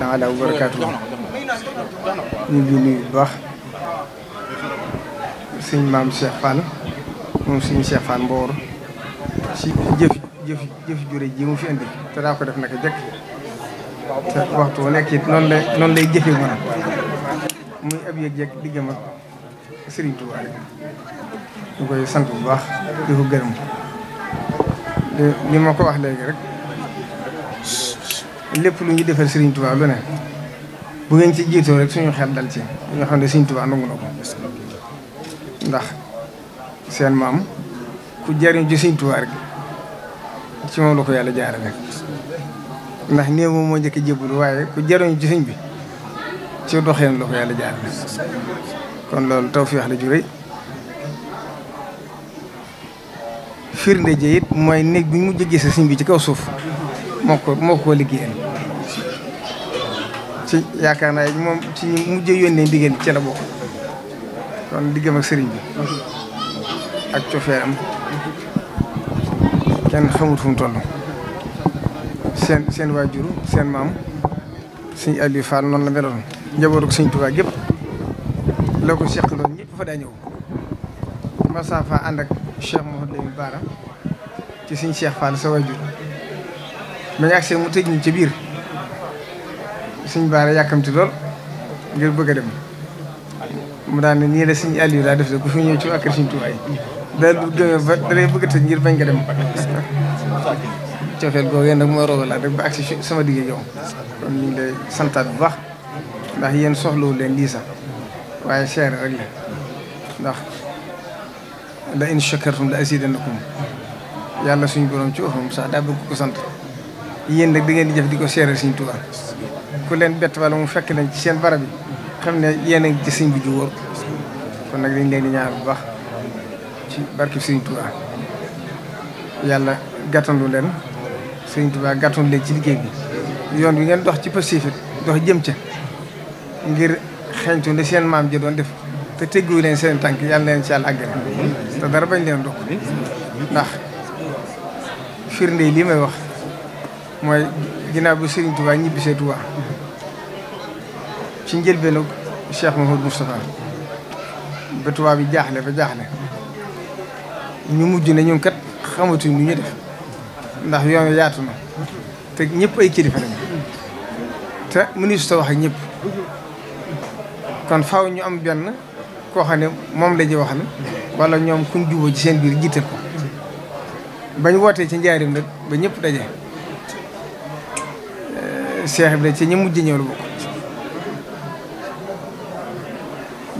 taala wa barakaatu ñu ngi nuyu bu baax sëñ maam Cheikh Fall moom sëñ Cheikh Fall Mboor ci jëf jëf fi indi te daa ko def naka jëkk te waxtu bu nekk it noonu lay noonu lay muy ab yëg yëg diggam ak Serigne Touba ñu koy sant bu baax di ko gërëm li ma ko wax léegi rek lépp lu ñuy defal Serigne Touba lu ne bu ngeen ci jiitoo rek suñu xel dal ci ñoo xam ne Serigne Touba nangu na ndax seen maam ku jariñ ci Serigne Touba ko yàlla jaarale ndax néew moom moo njëkk jébbalu waaye ku jariñ ci bi ci doxeen la ko yàlla jaarale kon loolu tawfeex la ju rëy firnde ji mooy néeg bi mu mujj si Serigne bi ci kaw suuf moo ko moo ko liggéeyal ci yaakaar naa moom ci mujj yónnee ndiggéen ci la bokk kon diggam ak sëriñ bi ak cofee kenn xamut fu mu seen seen waajur seen maam suñu Aliou Fall noonu la meloon njabootu ko suñ Tuubaa gépp loo ko seqaloon ñëpp fa daa ñëw Massa Fall ànd ak Cheikh Mouhamed Lamine Bara ci suñ Cheikh Fall sa waajur ma ñu agsee mu tëj ñu ci biir suñ baara yàkkamti lool ngir bëgg a dem mu daan ne nii la suñu àll daa def de ku fi ñëw ci ak kër suñu tubaay daal du demee ba dalay bëgg bañ nga dem cofeel googu nag mooy roogalaat rek ba ngi lay santaat bu baax ndax yéen soxlawul leen lii sax waaye seere rek la ndax la in shakartum la azidannakum yàlla suñu borom ci ofam sax daa bëgg ko sant yéen nag da ngeen di jëf di ko seere suñu tubaay ku leen bett wala mu fekk leen ci seen barab xam ne yéen a ngi ci sëñ bi ju kon nag dañ leen di ñaan bu baax ci barkeb sëñ Tuubaa yàlla gàttandu leen sëñ Tuubaa gàttandu leen ci liggéey bi yoon bi ngeen dox ci Pacifique dox jëm ca ngir xeeñtu ne seen maam ji doon def te teggu leen seen tànk yàlla na leen ci yàlla te dara bañ leen dox ndax firnde yi lii may wax mooy ginnaaw bi Sëriñ Tuubaa ñibbisee Tuubaa ci njëlbeenu Cheikh Mouhamadou Moustapha ba tubaab bi jaaxle ba jaaxle ñu mujj na ñun kat xamatuñ lu ñu def ndax yoon yaatu na te ñëpp ay kilifa lañ te ministre ta wax ak ñëpp kon faw ñu am benn koo xam ne moom la ñuy wax ne wala ñoom kuñ juboo ci seen biir jiital ko bañ wootee ci njaarim nag ba ñëpp daje Cheikh bi ci ñi mujj ñëw la bokk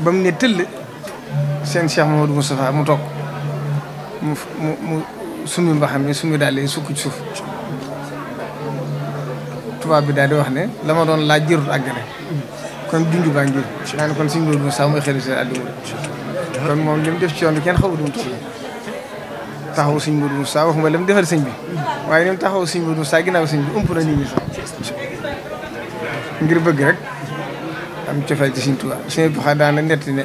ba mu ne tëll seen Cheikh Mamadou Moustapha mu toog mu mu mu summi mbaxam mi summi daal di sukk ci suuf tubaab bi daal di wax ne la doon laaj jërut àggale kon junj baa ngi kon suñu Mamadou Moustapha mooy xëy na seen àdduna moom li def ci yoon bi kenn xaw ma taxaw sëñ Modou Moussa waxuma la mu defal sëñ bi waaye ni mu taxaw sëñ Modou Moussa ginnaaw sëñ bi ëmp na nit ñi sax ngir bëgg rek am cofeel ci Sëriñ Tuubaa Sëriñ Abdou Khadre daana nett ne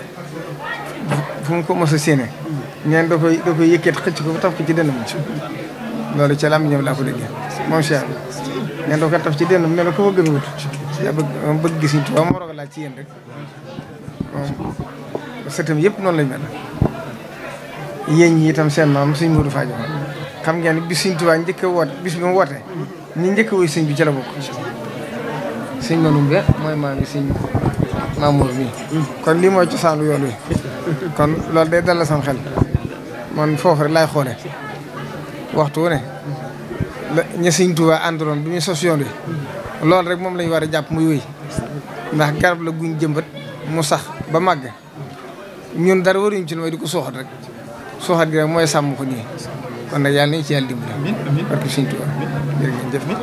fu mu ko mos a séenee ñeen da koy da koy yëkkat xëcc ko taf ko ci dënnam loolu ca lam ñëw laa ko déggee moom Cheikh ñeen da ko ci dënnam ne la ko bëgg a wut yaa bëgg bëgg gi Sëriñ Tuubaa moo roog laa ci yéen rek yëpp noonu lañ mel itam seen maam Sëriñ Modou Fadio xam ngeen bis Sëriñ Tuubaa njëkk a woote bis bi mu woote ñi njëkk a siñ sëñ bi ca la bokk sëñ Manoumbe mooy maam yi sëñ Mamour mi kon lii mooy cosaanu yoon wi kon loolu day dal la sam xel man foofu rek laay xoole waxtu wu ne la ña Sëñ Tuubaa àndaloon bi muy sos yoon wi loolu rek moom lañu war a jàpp muy wéy ndax garab la guñ jëmbat mu sax ba màgg ñun dara waruñu ci lu may di ko rek sooxat gi rek mooy sàmm ko nii kon nag yàlla nañu ci yàlla dimbali. amiin